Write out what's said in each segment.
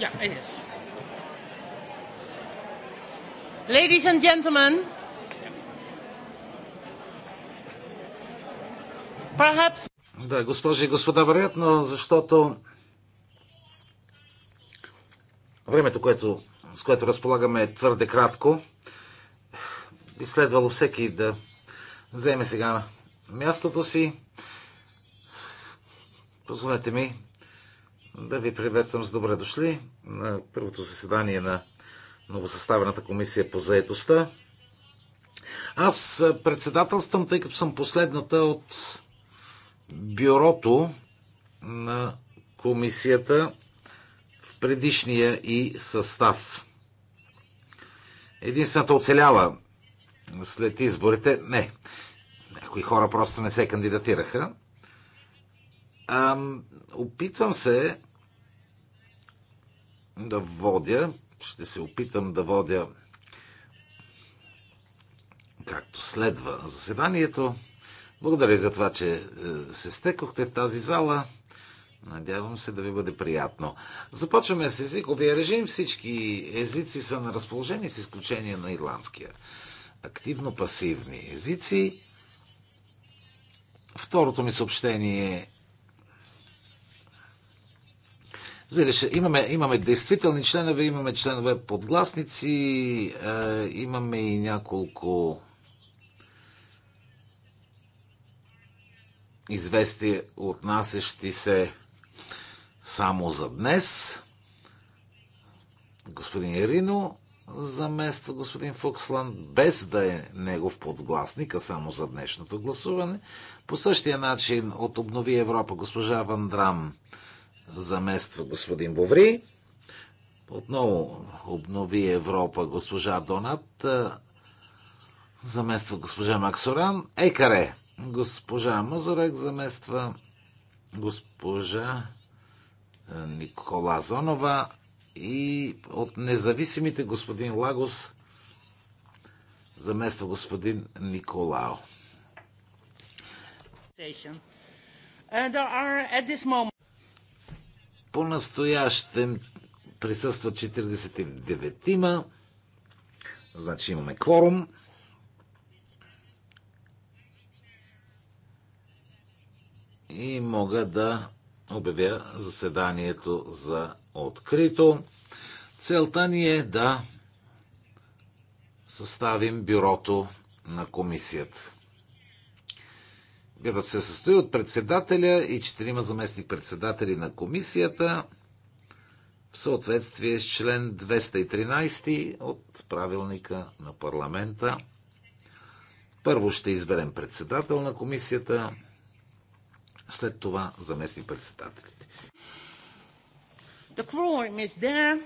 Ja, it is. Ladies and gentlemen, perhaps... Да, госпожи и господа, вероятно, защото времето, което, с което разполагаме е твърде кратко. Би следвало всеки да вземе сега мястото си. Позволете ми да ви приветствам с добре дошли на първото заседание на новосъставената комисия по заедостта. Аз председателствам, тъй като съм последната от бюрото на комисията в предишния и състав. Единствената оцеляла след изборите, не, някои хора просто не се кандидатираха, Ам, опитвам се да водя, ще се опитам да водя както следва заседанието. Благодаря за това, че е, се стекохте в тази зала. Надявам се да ви бъде приятно. Започваме с езиковия режим. Всички езици са на разположение, с изключение на ирландския. Активно-пасивни езици. Второто ми съобщение е Разбираш, имаме, имаме действителни членове, имаме членове подгласници, е, имаме и няколко известия, отнасящи се само за днес. Господин Ирино замества господин Фоксланд, без да е негов подгласник, а само за днешното гласуване. По същия начин от Обнови Европа госпожа Вандрам Драм замества господин Боври. Отново обнови Европа госпожа Донат. Е, замества госпожа Максоран. Екаре. Госпожа Мазорек замества госпожа е, Никола Зонова и от независимите господин Лагос замества господин Николао. There are at this moment по-настоящем присъства 49-ма. Значи имаме кворум. И мога да обявя заседанието за открито. Целта ни е да съставим бюрото на комисията. Бюрото се състои от председателя и четирима заместник-председатели на комисията в съответствие с член 213 от правилника на парламента. Първо ще изберем председател на комисията, след това заместник-председателите. The quorum is there,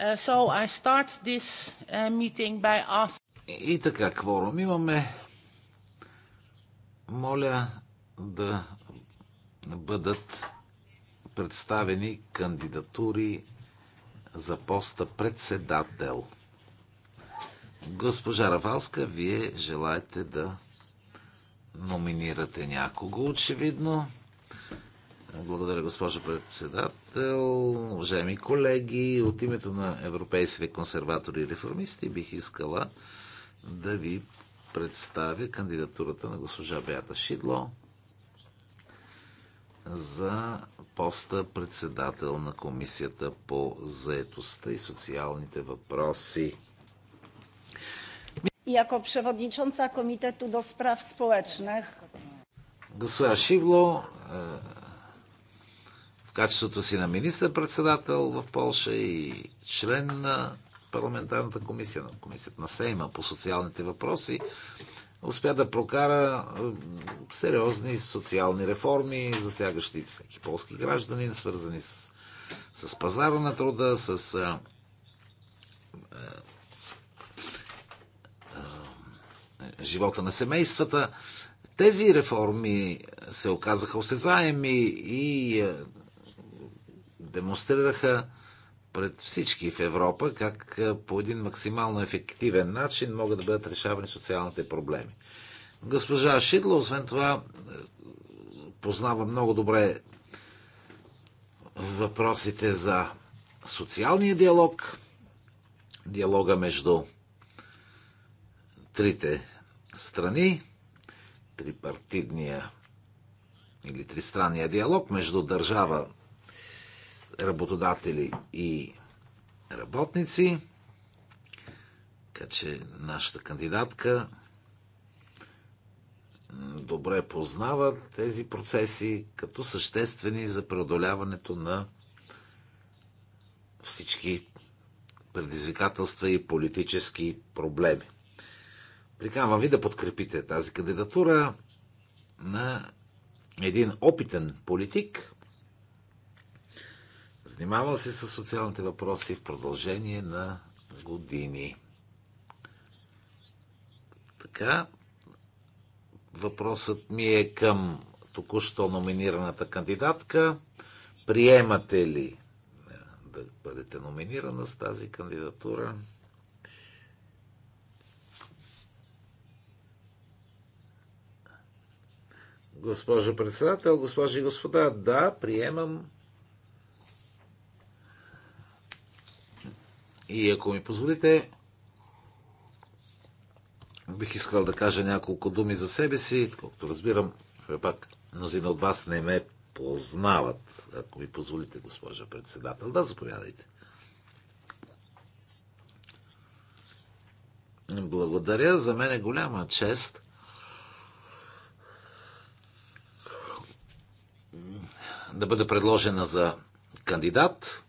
uh, so I start this uh, meeting by asking... И така, кворум имаме моля да бъдат представени кандидатури за поста председател. Госпожа Равалска, вие желаете да номинирате някого, очевидно. Благодаря, госпожо председател. Уважаеми колеги, от името на европейските консерватори и реформисти бих искала да ви представя кандидатурата на госпожа Беата Шидло за поста председател на Комисията по заетостта и социалните въпроси. Яко przewodnicząca Komitetu до справ Społecznych. Госпожа Шидло, е, в качеството си на министър-председател в Польша и член на парламентарната комисия, на комисията на Сейма по социалните въпроси, успя да прокара сериозни социални реформи, засягащи всеки полски гражданин, свързани с, с пазара на труда, с а, а, живота на семействата. Тези реформи се оказаха осезаеми и демонстрираха пред всички в Европа как по един максимално ефективен начин могат да бъдат решавани социалните проблеми. Госпожа Шидло, освен това, познава много добре въпросите за социалния диалог, диалога между трите страни, трипартидния или тристранния диалог между държава, работодатели и работници. Така че нашата кандидатка добре познава тези процеси като съществени за преодоляването на всички предизвикателства и политически проблеми. Приканвам ви да подкрепите тази кандидатура на един опитен политик, Занимавал се с социалните въпроси в продължение на години. Така, въпросът ми е към току-що номинираната кандидатка. Приемате ли е, да бъдете номинирана с тази кандидатура? Госпожо председател, госпожи и господа, да, приемам И ако ми позволите, бих искал да кажа няколко думи за себе си, колкото разбирам, пак мнозина от вас не ме познават, ако ми позволите, госпожа председател. Да, заповядайте. Благодаря, за мен е голяма чест да бъда предложена за кандидат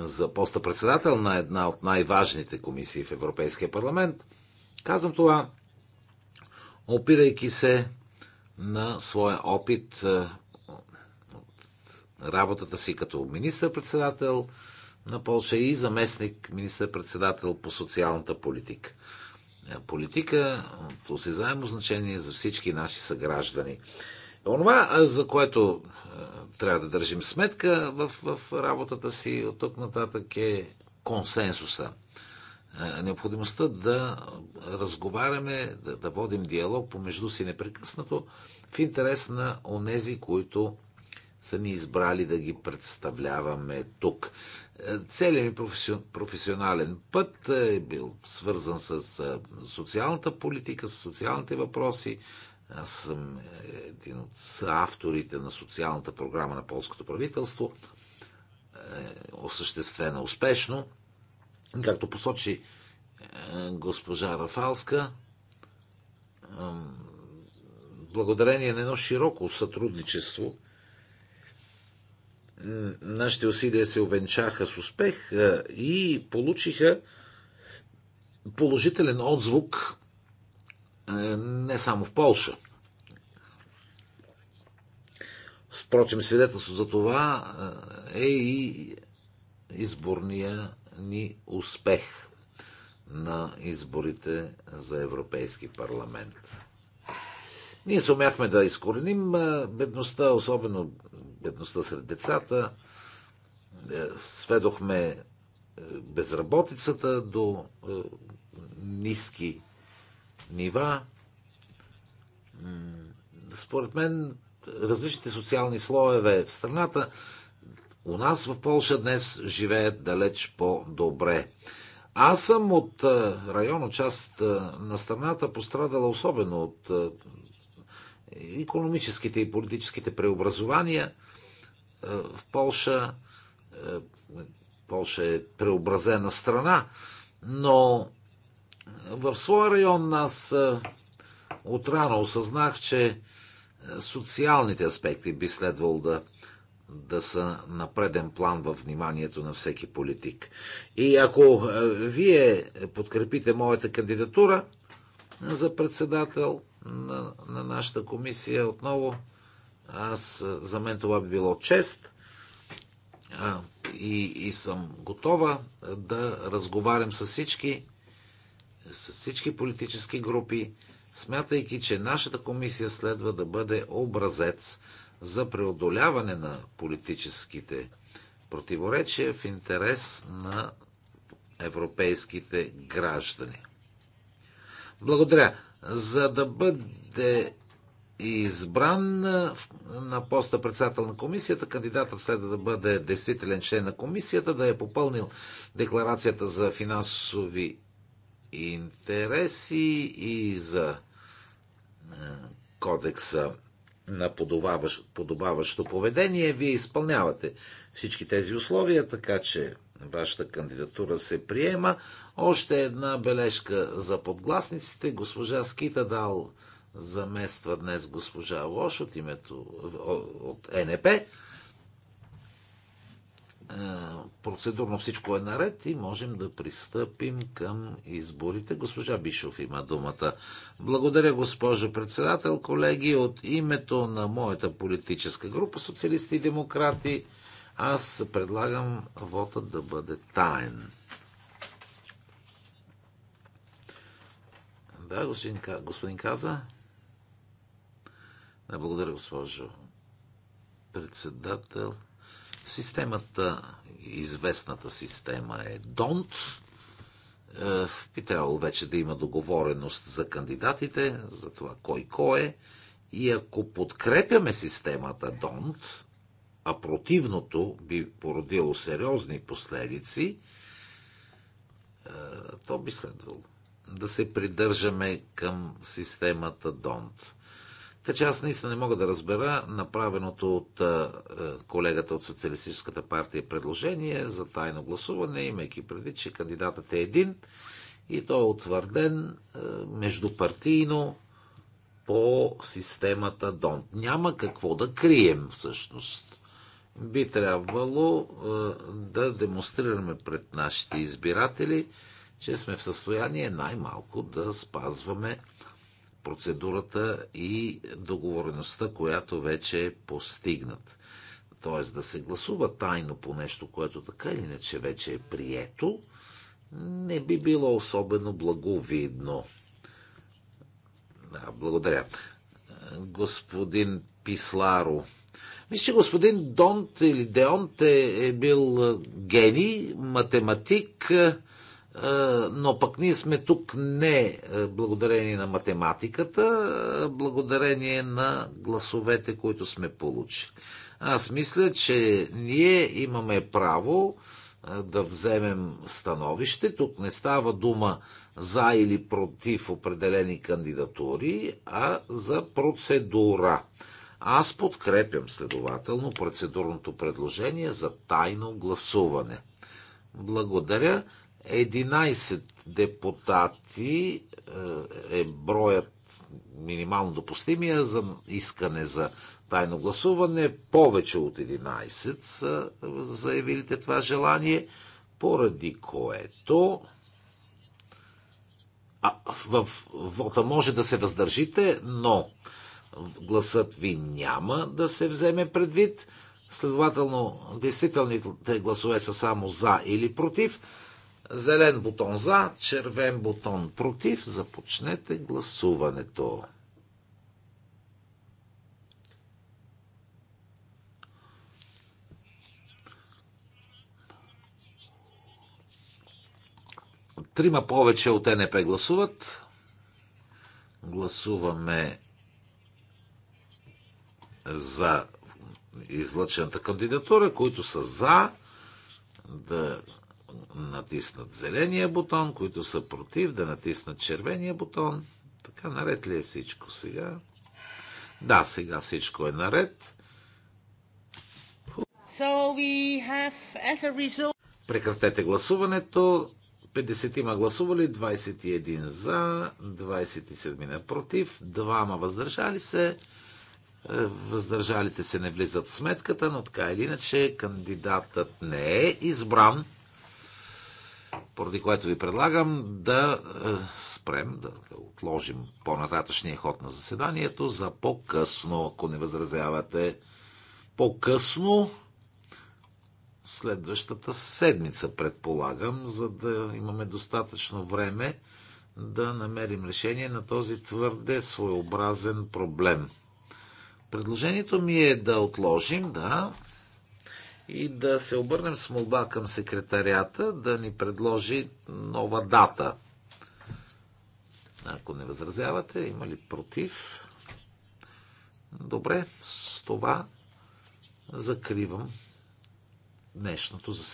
за поста председател на една от най-важните комисии в Европейския парламент. Казвам това, опирайки се на своя опит е, от работата си като министър-председател на Польша и заместник министър-председател по социалната политика. Е, политика от осезаемо значение за всички наши съграждани. Онова, е, за което трябва да държим сметка в, в работата си от тук нататък е консенсуса. Е, необходимостта да разговаряме, да, да водим диалог помежду си непрекъснато в интерес на онези, които са ни избрали да ги представляваме тук. Е, целият ми професионален път е бил свързан с е, социалната политика, с социалните въпроси, аз съм един от авторите на социалната програма на полското правителство, е, осъществена успешно. Както посочи е, госпожа Рафалска, благодарение на едно широко сътрудничество, нашите усилия се увенчаха с успех е, и получиха положителен отзвук е, не само в Полша. Впрочем, свидетелство за това е, е и изборния ни успех на изборите за Европейски парламент. Ние се умяхме да изкореним е, бедността, особено бедността сред децата. Сведохме безработицата до ниски нива. Според мен различните социални слоеве в страната у нас в Польша днес живеят далеч по-добре. Аз съм от от част на страната, пострадала особено от економическите и политическите преобразования в Польша. Польша е преобразена страна, но в своя район аз е, отрано осъзнах, че е, социалните аспекти би следвало да, да са на преден план в вниманието на всеки политик. И ако е, вие подкрепите моята кандидатура за председател на, на нашата комисия, отново аз, за мен това би било чест и, и съм готова да разговарям с всички с всички политически групи, смятайки, че нашата комисия следва да бъде образец за преодоляване на политическите противоречия в интерес на европейските граждани. Благодаря. За да бъде избран на поста председател на комисията, кандидатът следва да бъде действителен член на комисията, да е попълнил декларацията за финансови интереси и за е, кодекса на подобаващо, поведение. Вие изпълнявате всички тези условия, така че вашата кандидатура се приема. Още една бележка за подгласниците. Госпожа Скита дал замества днес госпожа Лош от името от НП. Е, процедурно всичко е наред и можем да пристъпим към изборите. Госпожа Бишов има думата. Благодаря, госпожо председател, колеги. От името на моята политическа група, социалисти и демократи, аз предлагам вота да бъде таен. Да, господин, господин Каза. Да, благодаря, госпожо председател. Системата, известната система е ДОНТ. Е, би трябвало вече да има договореност за кандидатите, за това кой кой е. И ако подкрепяме системата ДОНТ, а противното би породило сериозни последици, е, то би следвало да се придържаме към системата ДОНТ. Така че аз наистина не мога да разбера направеното от колегата от Социалистическата партия предложение за тайно гласуване, имайки предвид, че кандидатът е един и той е утвърден междупартийно по системата ДОН. Няма какво да крием всъщност. Би трябвало да демонстрираме пред нашите избиратели, че сме в състояние най-малко да спазваме процедурата и договореността, която вече е постигнат. Тоест да се гласува тайно по нещо, което така или иначе вече е прието, не би било особено благовидно. Да, благодаря. Господин Писларо. Мисля, че господин Донт или Деонт е, е бил гений, математик, е, но пък ние сме тук не е, благодарение на математиката, благодарение на гласовете, които сме получили. Аз мисля, че ние имаме право е, да вземем становище. Тук не става дума за или против определени кандидатури, а за процедура. Аз подкрепям следователно процедурното предложение за тайно гласуване. Благодаря. 11 депутати е, е броят минимално допустимия за искане за тайно гласуване. Повече от 11 са заявилите това желание, поради което а, в вота може да се въздържите, но гласът ви няма да се вземе предвид. Следователно, действителните гласове са само за или против. Зелен бутон за, червен бутон против. Започнете гласуването. Трима повече от НП гласуват. Гласуваме за излъчената кандидатура, които са за да натиснат зеления бутон, които са против, да натиснат червения бутон. Така наред ли е всичко сега? Да, сега всичко е наред. So we have, as a result... Прекратете гласуването. 50-ма гласували, 21 за, 27 на против, 2 въздържали се. Е, въздържалите се не влизат в сметката, но така или иначе кандидатът не е избран поради което ви предлагам да е, спрем, да, да отложим по-нататъчния ход на заседанието за по-късно, ако не възразявате. По-късно, следващата седмица, предполагам, за да имаме достатъчно време да намерим решение на този твърде своеобразен проблем. Предложението ми е да отложим, да, и да се обърнем с молба към секретарията да ни предложи нова дата. Ако не възразявате, има ли против? Добре, с това закривам днешното заседание.